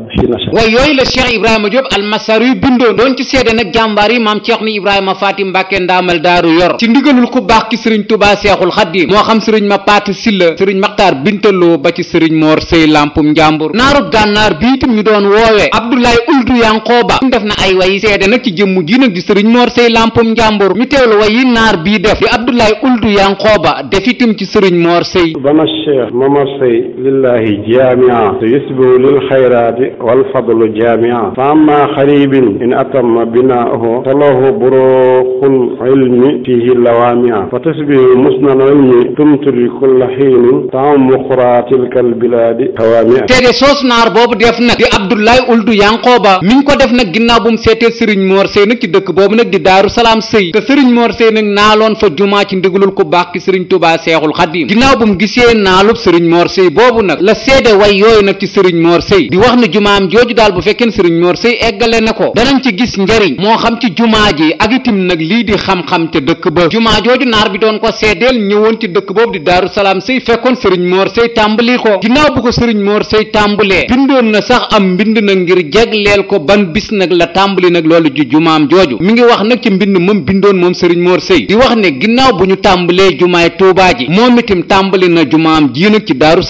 waaye yooyu la Cheikh Ibrahima Diop almasar yu bindoo doon ci seede nag jàmbaar yi maam Cheikh ni Ibrahima Faati Mbàkke ndaamal daaru yor ci ndigalul ku baax ki sëriñ Tubaa Seexul Xadiim moo xam sëriñ ma paat silla sëriñ Maxtaar Bintaloo ba ci sëriñ Moor Sëy Lampum Njàmbur naarub gànnaar bi itam ñu doon woowee Abdoulaye Uldu ba def na ay wayi seede nag ci jëmm ji nag di sëriñ Moor Sëy Lampum Njàmbur ñu teewlu wayi naar bii def di Abdoulaye Uldu Yankooba def ci sëriñ Moor Sëy bana Cheikh Mamar Sëy lillahi jaamia yusbihu lil xayraati والفضل جامعا فأما خريب إن أتم بناؤه فله بروق العلم فيه لوامعا فتصبح مسن العلم تمتري كل حين تعم أخرى تلك البلاد هوامع تيغي سوس نار بوب def nag di Abdoulaye Ould Yankhoba mi ngi ko def nag ginnaaw bu mu seetee Serigne Mor Seye nag ci dëkk boobu nag di Daaru Salaam Sëy te Serigne Mor Seye nag naaloon fa jumaa ci ndigalul ku baax ki Serigne Touba Seexul Xadim ginnaaw bu mu gisee naalub Serigne Mor Seye boobu nag la seede way yooyu nag ci Serigne Mor Seye di wax ne jumaa maam jooju daal bu fekkeen sëriñ Mor eggale na ko danañ ci gis njariñ moo xam ci jumaa ji ak itim nag lii di xam-xam te dëkk ba jumaa jooju naar bi doon ko seedeel ñëwoon ci dëkk boobu di daaru salaam sëy fekkoon sëriñ Mor Seye tàmbali ko ginnaaw bu ko sëriñ Mor Seye tàmbalee bindoon na sax am mbind nag ngir jegleel ko ban bis nag la tàmbali nag loolu ju jumaam jooju mi ngi wax nag ci mbind moom bindoon moom sëriñ Mor Seye di wax ne ginnaaw bu ñu tàmbalee jumaay Tuubaa ji moom itim tàmbali na jumaam ji nag ci daaru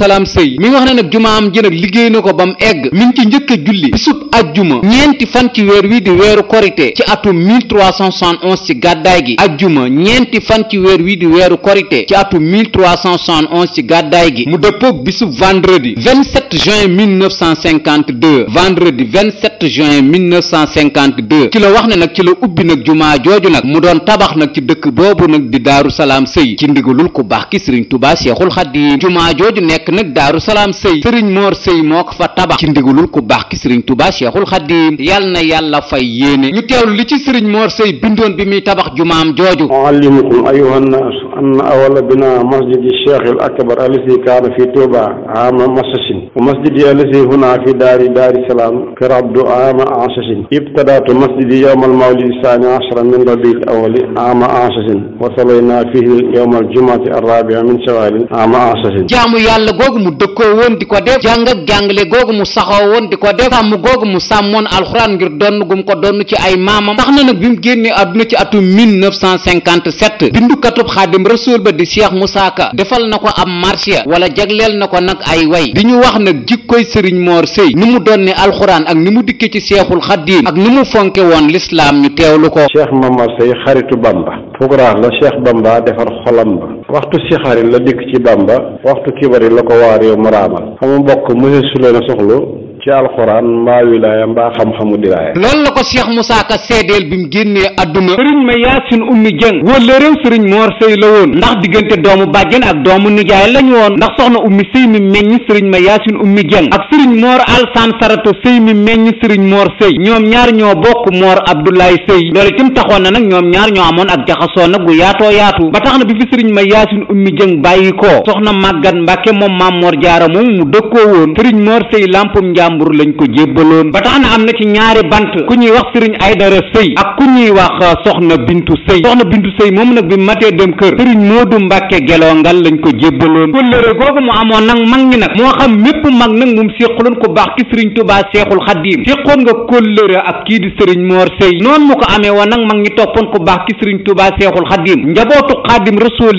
njëkk a julli bisub ajjuma ñeenti fan ci weer wi di weeru korite ci atum 1371 ci gàddaay gi ajjuma ñeenti fan ci weer wi di weeru korite ci atum 1371 ci gàddaay gi mu dëppoog bisub vendredi 27 juin 1952 vendredi 27 juin 1952 ci la wax ne nag ci la ubbi nag jumaa jooju nag mu doon tabax nag ci dëkk boobu nag di daaru salaam sëy ci ndigalul ku baax ki sëriñ tubaa seexul xadiim jumaa jooju nekk nag daaru salaam sëy sëriñ moor sëy moo ko fa tabax ci ndigalul ku baax ki sëriñ Tuubaa Seexul Xadiim yal na yàlla fay yéene ñu teewlu li ci sëriñ Mor Sey bindoon bi muy tabax jumaam jooju uallimukum ayyuha nnaas anna awwala binaa masjidi Seex al akbar allazi kaana fi Tuubaa aama masasin wa masjidi allazi huna fi daari daari salaam karabdu aama ansasin ibtadaatu masjidi yawma almawlidi saani ashara min rabiil awwali aama ansasin wa salayna fihi yawma aljumati arrabia min shawaalin aama ansasin jaamu yàlla googu mu dëkkoo woon di ko def jàng ak jàngale googu mu saxoo woon di ko def sàmm googu mu sàmmoon alxuraan ngir donn gum ko donn ci ay maamam tax na nag bi mu génnee àdduna ci atum 1957 bindukatub xaadim rasuul ba di Cheikh Moussa Ka defal na ko ab marsiya wala jagleel na ko nag ay way di ñu wax nag koy sëriñ Mor Seye ni mu donne alxuraan ak ni mu dikke ci seexul xaddiim ak ni mu fonke woon lislaam ñu lu ko Cheikh Mamar Seye xaritu Bamba fukkuraat la Cheikh Bamba defar xolam ba waxtu sixaari la dikk ci Bamba waxtu kibari la ko waar yow mu raamal xamu ci alxuraan mbaa wilaaya mbaa xam-xamu diraaya loolu la ko Cheikh Moussa Ka seedeel bi mu génnee àdduna sëriñ ma yaasin ummi jëng wala réew sëriñ moor sëy la woon ndax diggante doomu bàjjen ak doomu nijaay lañu woon ndax soxna ummi sëy mi meññ sëriñ ma yaasin ummi jëng ak sëriñ moor alsan sarato sëy mi meññ sëriñ moor sëy ñoom ñaar ñoo bokk moor abdoulaye sëy loolu itam taxoon na nag ñoom ñaar ñoo amoon ak jaxasoo nag gu yaatoo yaatu ba tax na bi fi sëriñ ma yaasin ummi jëng bàyyi ko soxna màggat mbàkke moom maam moor jaara jàmbur lañ ko jébbaloon ba tax na am na ci ñaari bant ku ñuy wax sëriñ Aydara sëy ak ku ñuy wax euh, soxna bintu sëy soxna bintu sëy moom nag bi matee dem kër sëriñ Moodu Mbàkke gelongal lañ ko jébbaloon kóllëre googu mu amoon nag mag ñi nag moo xam mépp mag nag moom séqaloon ku baax ki sëriñ Tubaa Seexul Xadiim séqoon nga kóllëre ak kii di sëriñ Moor sëy noonu mu ko amee woon nag mag ñi toppoon ku baax ki sëriñ Tubaa Seexul Xadiim njabootu Xaadim Rasuul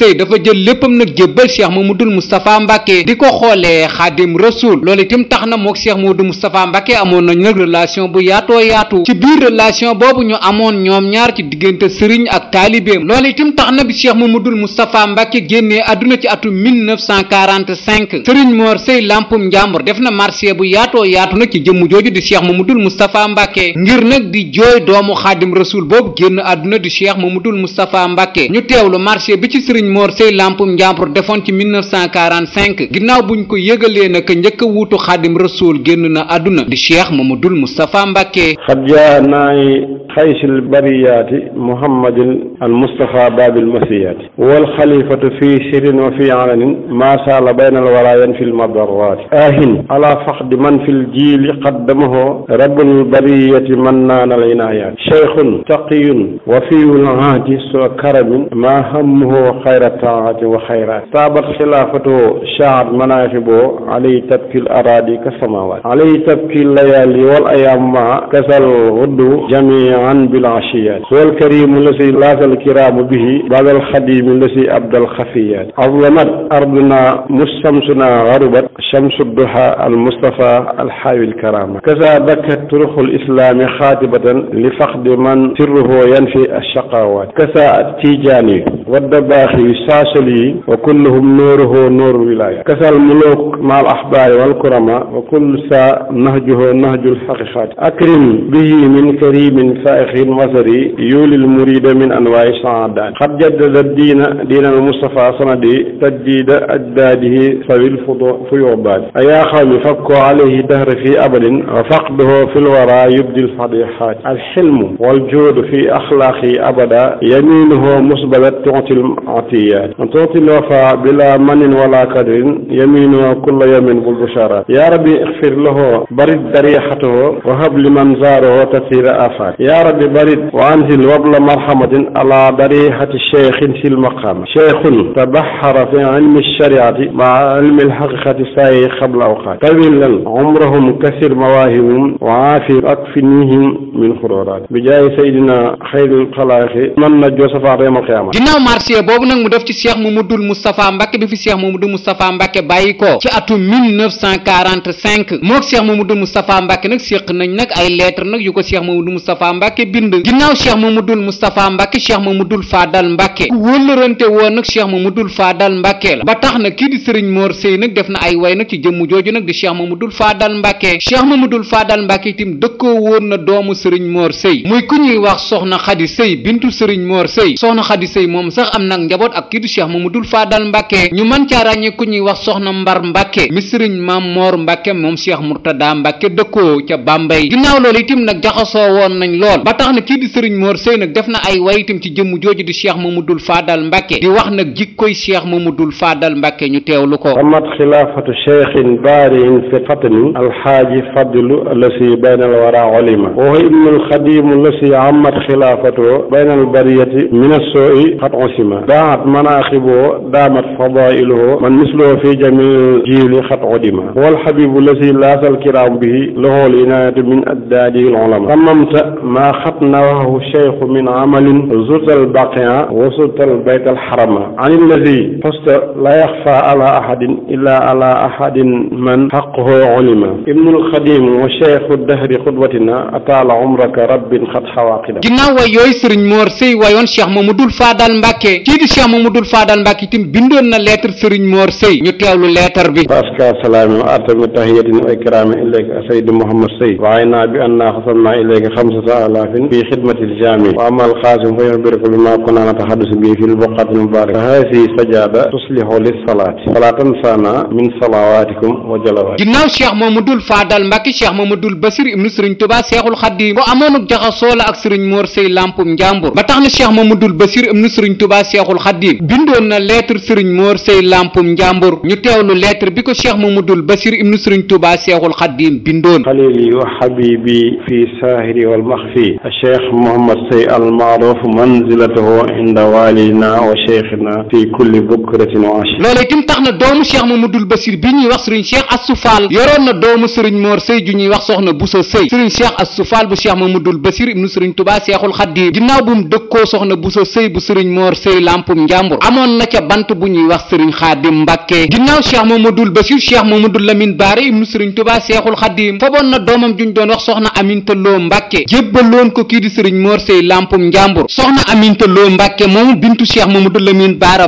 sëy dafa jël léppam nag jébbal mu mamadul moustapha mbàkke di ko xoolee xaadim rasul loolu itam tax na mook cheikh mamadul moustapha mbàkke amoon nañ relation bu yaatoo yaatu ci biir relation boobu ñu amoon ñoom ñaar diggante sëriñ ak taalibeem loolu itam tax na bi cheikh mamadul moustapha mbàkke génnee àdduna ci atum 1945 sëriñ moor sëy lampum njàmbur def na marché bu yaatoo yaatu nag ci jëmm jooju di cheikh mamadul moustapha mbàkke ngir nag di jooy doomu xaadim rasul boobu génn àdduna di cheikh mamadul moustapha mbàkke ñu teewlu marché bi ci sëriñ sëriñ Mor Sey lampum njàmbur defoon ci 1945 ginnaaw buñ ko yëgalee naka njëkk a wuutu xaadim rasuul génn na àdduna di cheikh Mamadul Moustapha Mbacke. xad jaa naay xaysil bariyaati muhammadin al Moustapha babil masiyaati wal xalifatu fii sirin wa fii alanin maa saala baynal waraayan fil madarraati aahin ala faxdi man fil jiili qaddamahu rabbul bariyati man naanal inaayaati cheikhun taqiyun wafiyul ahdi so karamin maa hammuhu xayr xayra taati wa xayraat taabat xilaafatu shaat manaafibo alay tabkil araadi ka samawaat alay tabkil layaali wal ayaam maa kasal wuddu jamian bil ashiyaat wal karimu lasi laasal kiraamu bihi badal xadiimi lasi abdal xafiyaat azlamat arduna mustamsuna garubat shamsu duha al mustafa al xaawil karama kasa bakkat turuxul islaami xaatibatan li faxdi man sirruhu yanfi ashaqawaat kasa tijaani wadda baaxi saasal yi wa kulluhum nooruhoo nooru wilaaya kasal muluk مع الأحبار والكرماء وكل سا نهجه نهج الحقيقات أكرم به من كريم فائخ وزري يولي المريد من أنواع السعادات قد جدد الدين دين المصطفى صندي تجديد أجداده سوي الفيوبات أيا قوم فكوا عليه دهر في أبد وفقده في الورى يبدي الفضيحات الحلم والجود في أخلاقه أبدا يمينه مسبلة تعطي العطيات وتعطي الوفاء بلا من ولا قدر يمينه kulla yawmin bul bushara ya rabbi ighfir lahu barid darihatahu wa hab liman zaarahu tathira afat ya rabbi barid wa anzil wabla marhamatin ala darihati shaykhin sil maqam shaykhun tabahhara fi ilmi shariati ma ilmi alhaqiqati sayi qabla awqat tawilan umrahum kasir mawahibum wa afi akfinihim min xuroraat bi jaay saydina xayril xalaaxi man na josafa reemal xiyaama ginnaaw marché boobu nag mu def ci cheikh mamadul moustapha mbàkke bi fi cheikh mamadul moustapha mbàkke bàyyi ko atum 1945 mook Cheikh Mamadou Moustapha Mbacke nag séq nañ nag ay lettre nag yu ko Cheikh Mamadou Moustapha Mbacke bind ginnaaw Cheikh Mamadou Moustapha Mbacke Cheikh Mamadou Fadal Mbacke ku wóllërante woon nag Cheikh Mamadou Fadal Mbacke la ba tax na kii di Serigne Mor Sey nag def na ay way nag ci jëmm jooju nag di Cheikh Mamadou Fadal Mbacke Cheikh Mamadou Fadal Mbacke itam dëkkoo woon na doomu Serigne Mor Sey muy ku ñuy wax soxna Khady Sey bintu Serigne Mor Sey soxna Khady Sey moom sax am nag njaboot ak kii di Cheikh Mamadou Fadal Mbacke ñu mën caa ràññee Mbacke mi sëriñ maam Mor Mbacke moom Cheikh Mourtada Mbacke dëkkoo ca Bambey ginnaaw loolu itam nag jaxasoo woon nañ lool ba tax na kii di sëriñ Mor Seye nag def na ay way itam ci jëmm jooju di Cheikh Mamadul Fadal Mbacke di wax nag jikkoy Cheikh Mamadul Fadal Mbacke ñu teewlu ko amat xilaafatu cheikhin baariin fi fatani alxaaji fadlu lasi bayna al wara olima wa ibnu alxadimu lasi amat xilaafatu bayna al bariyati min assoi xat osima daamat manaaxiboo daamat fadailuhu man misloo fi jamil bihi li xat odima wal xabibu lasi laasal kiraam bihi loxool inaayatu min addaadi ulama tamamta maa xat nawahu cheikhu min amalin zurtal baqia wa surtal bayt al xarama an illadi fosta la yaxfa ala ahadin illa ala ahadin man xaquhu ulima ibnul xadim wa cheikhu dahri xudwatina ataala umraka rabbin xat xawaaqida ginnaaw way yooyu sëriñ Mor Sëy wayoon cheikh Mamadul Faadal Mbàkke kii di cheikh Mamadul Faadal Mbàkke itam bindoon na lettre sëriñ Mor Sëy ñu teewlu lettre bi فأزكى سلام وأتم تحية وإكرام إليك السيد محمد سيد وعينا بأننا خصمنا إليك خمسة آلاف في خدمة الجامع وأما القاسم فيخبرك بما كنا نتحدث به في البقعة المباركة هذه سجادة تصلح للصلاة فلا تنسانا من صلواتكم وجلواتكم ginnaaw Cheikh Mamadou Fadal Mbacke Cheikh Mamadou Bassir ibnu Serigne Touba Cheikhul Khadim bu amoon jaxasoo la ak Serigne Mor Sey Lampum Njambur na Cheikh Mamadou Bassir ibnu Serigne Touba Cheikhul Khadim bindoon na lettre Serigne Mor Sey Lampum Njambur ñu teewlu lettre bi ko cheikh mamadul basir ibnu sëriñ tuuba seexul xaddiim bindoon xalili wa xabibi fi saahiri wal maxfi cheikh mohamad say al maaruf manzilatahu inda walidina wa cheikhina fi kulli bukratin wa ashi loola itam tax na doomu cheikh mamadul basir bi ñuy wax sëriñ cheikh assu faal yoroon na doomu sëriñ moor sëy ju ñuy wax soxna sa sëy sëriñ cheikh assu faal bu ma cheikh mamadul basir ibnu sëriñ tuuba seexul xaddiim ginnaaw bu mu dëkkoo soxna busa sëy bu sëriñ moor sëy lampum njàmbur amoon na ca bant bu ñuy wax sëriñ xaadim mbàkke ginnaaw cheikh mamadul Mouhamadoul Bachir Cheikh Mouhamadoul Lamine Baare ibnu Sëriñ Tuubaa Seexul Xadiim foboon na doomam juñ doon wax soxna Aminta Lo Mbàkke jébbaloon ko kii di Sëriñ Mor Sey Lampum Njàmbur soxna Aminta Lo Mbàkke moomu bintu Cheikh Mouhamadoul Lamine Baara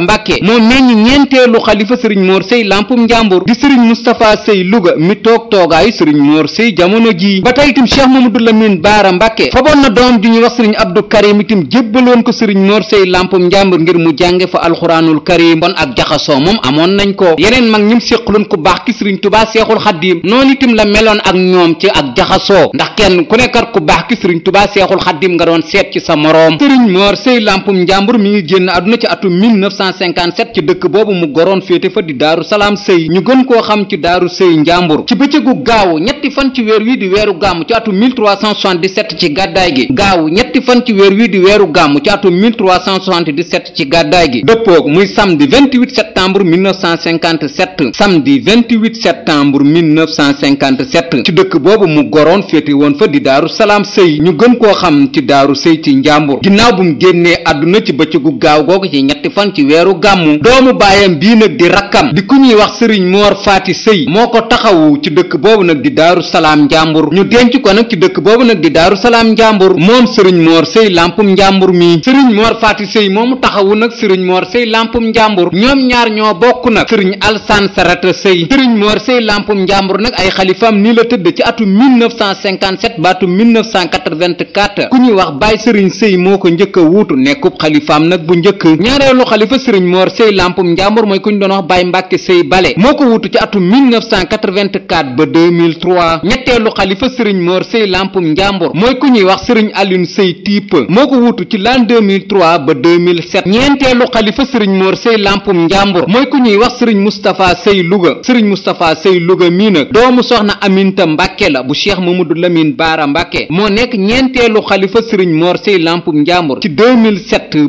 toog toogaayu Sëriñ Mor Sey jamono ba tey itam Cheikh Mouhamadoul Lamine Baara Mbàkke foboon na doomam ju ñuy wax Sëriñ Abdou Karim itam jébbaloon ko Sëriñ Mor Sey ngir mu jànge fa alxuraanul karim kon ak jaxasoo amoon nañ ko yeneen mag ñim séqaloon ku baax ki sëriñ tubaa seexul xaddiim noonu itam la meloon ak ñoom ci ak jaxasoo ndax kenn ku nekkat ku baax ki sëriñ tubaa seexul xaddiim nga doon seet ci sa moroom sëriñ moor sëy lampum njàmbur mi ngi génn àdduna ci atum 1957 ci dëkk boobu mu goroon féete fa di daaru salaam sëy ñu gën ko xam ci daaru sëy njàmbur ci bëccëgu gaaw ñetti fan ci weer wi di weeru gàmm ci atum 1377 ci gàddaay gi gaaw ñetti fan ci weer wi di weeru gàmm ci atum 1377 ci gàddaay gi dëppoog muy samedi 28 septembre 1957 samedi 28 septembre 1957 ci dëkk boobu mu goroon féete woon fa di daaru salaam sëy ñu gën koo xam ci daaru sëy ci njàmbur ginnaaw bu mu génnee àdduna ci bëccëgu gaaw googu ci ñetti fan ci weeru gàmmu doomu baayam bii nag di rakkam di ku ñuy wax sëriñ moor faati sëy moo ko taxawu ci dëkk boobu nag di daaru salaam njàmbur ñu denc ko nag ci dëkk boobu nag di daaru salaam njàmbur moom sëriñ moor sëy lampum njàmbur mi sëriñ moor faati sëy moomu taxawu nag sëriñ moor sëy lampum njàmbur ñoom ñaar ñoo maître sëy sëriñ moor sëy lampum njàmbur nag ay xalifaam nii la tëdd ci atum 1957 ba atum 1984 ku ñuy wax baay sëriñ sëy moo ko njëkk a wuutu nekkub xalifaam nag bu njëkk ñaareelu xalifa sëriñ moor sëy lampum njàmbur mooy ku ñu doon wax baay mbàkke sëy bale moo ko wuutu ci atum 1984 ba 2003 ñetteelu xalifa sëriñ moor sëy lampum njàmbur mooy ku ñuy wax sëriñ alioune sëy tiip moo ko wuutu ci l'an 2003 ba 2007 ñeenteelu xalifa sëriñ moor sëy lampum njàmbur mooy ku ñuy wax sëriñ mustapha sëy Louga sëriñ Moustapha Sey Louga mii nag doomu soxna Aminta Mbàkke la bu Cheikh Mamadou xalifa sëriñ Mor Sey Lampum Njambur ci 2007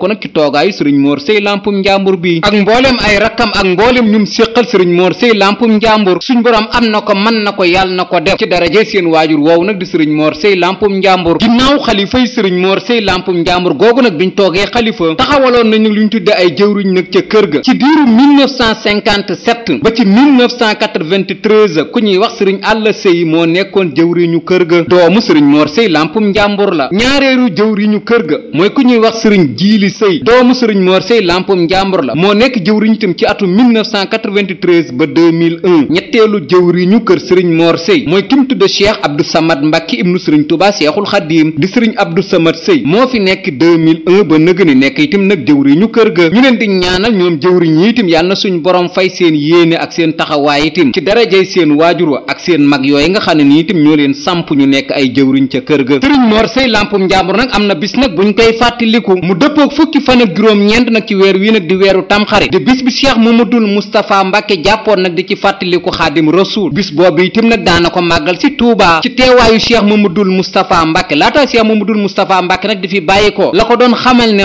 ko nag ci toogaayu sëriñ Mor Sey Lampum Njambur bi ak mbooleem ay rakkam ak mbooleem ñum séqal sëriñ Mor Sey Lampum Njambur na ko mën na ko yàlla na ko def ci daraje seen waajur woowu nag di sëriñ Mor Sey Lampum Njambur ginnaaw googu nag biñ toogee xalifa taxawaloon nañu luñ tudde nga ay jëwriñ nag ca kër ga ci diiru 1957 ba ci 1993 ku ñuy wax sëriñ àlla sëy moo nekkoon jëwriñu kër ga doomu sëriñ moor sëy lampum njàmbur la ñaareelu jëwriñu kër ga mooy ku ñuy wax sëriñ jiili sëy doomu sëriñ moor sëy lampum njàmbur la moo nekk jëwriñ itam ci atum 1993 ba 2001 ñetteelu jëwriñu kër sëriñ moor sëy mooy kim tudde cheikh abdou samad mbàkke ibnu sëriñ tuba seexul xadim di sëriñ abdou samad sëy moo fi nekk 2001 ba nëgëni nekk itam nag jëwriñu kër ga bëgg ñu leen di ñaanal ñoom jëwriñ ñi itam yàlla na suñu borom fay seen yéene ak seen taxawaay itam ci darajay seen waajur ak seen mag yooyu nga xam ne nii itam ñoo leen samp ñu nekk ay jëwriñ ca kër ga sëriñ Mor Seye Lampum Njambur nag am na bis nag buñ koy fàttaliku mu dëppook fukki fan ak juróom-ñeent nag ci weer wi nag di weeru tamxarit di bis bi Cheikh Mamadul Moustapha Mbàkke jàppoon nag di ci fàttaliku xaadim rasul bis boobu itam nag daana ko màggal si Touba ci teewaayu Cheikh Mamadul Moustapha Mbàkke laataa Cheikh Mamadul Moustapha Mbàkke nag di fi bàyyi ko la ko doon xamal ne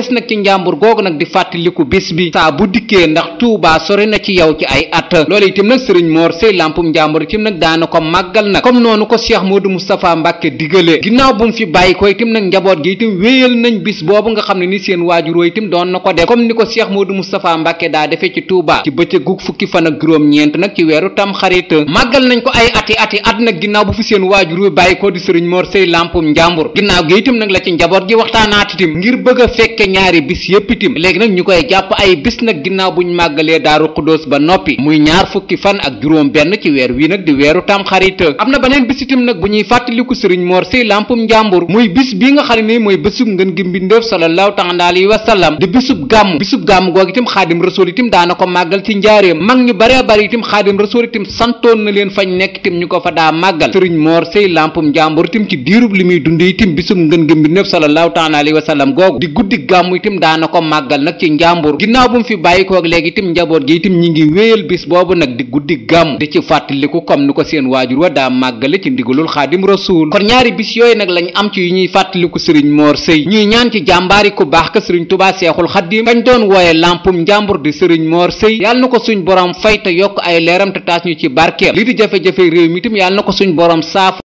des nag ci njàmbur googu nag di fàttaliku bis bi saa bu dikkee ndax Touba sori na ci yow ci ay at loolu itam nag sëriñ Mor Seye Lampum njàmbur itam nag daana ko màggal nag comme noonu ko Cheikh Modou Moustapha Mbacke digalee ginnaaw bu mu fi bàyyi ko itam nag njaboot gi itam wéyal nañ bis boobu nga xam ne ni seen waajuroo itam doon ko def comme ni ko Cheikh Modou Moustapha Mbacke daa defee ci Touba ci bëccëgu fukki fan ak ñeent nag ci weeru Tamxarit màggal nañ ko ay ati ati at nag ginnaaw bu fi seen waajuroo bàyyi ko di sëriñ Mor Seye Lampum njàmbur ginnaaw gi itam la ci njaboot gi waxtaanaat itam ngir bëgg a ñaari bis yépp itam léegi nag ñu koy jàpp ay bis nag ginnaaw ñu màggalee daaru xudóos ba noppi muy ñaar fukki fan ak juróom benn ci weer wii nag di weeru tamxarit am na beneen bis itam nag bu ñuy fàttaliku sëriñ Mor Seye Lampum Njàmbur muy bis bi nga xam ne nii mooy bésub ngën gi mbindéef sallallahu taala alayhi wa sallam di bisub gàmm bisub gàmm googu itam xaadim rasul itam daana ko màggal ci njaareem mag ñu baree bari itam xaadim rasul itam santoon na leen fañ nekk ñu ko fa daa màggal sëriñ Mor Seye Lampum Njàmbur itam ci diirub li muy dund itam bisub ngën gi mbindéef sallallahu taala alayhi wa sallam googu gàmmu itam daana ko màggal nag ci njàmbur ginnaaw bu mu fi bàyyikook léegi itam njaboot gi itam ñi ngi wéyal bis boobu nag di guddi gàmm di ci fàttaliku comme ni ko seen waajur wa daa màggale ci ndigalul xaadim rasuul kon ñaari bis yooyu nag lañ am ci yu ñuy fàttaliku sëriñ moor sëy ñuy ñaan ci jàmbaari ku baax ka sëriñ tubaa seexul xaddim kañ doon wooye lampum njàmbur di sëriñ moor sëy yàlla na ko suñ borom fay te yokk ay leeram taas ñu ci barkeel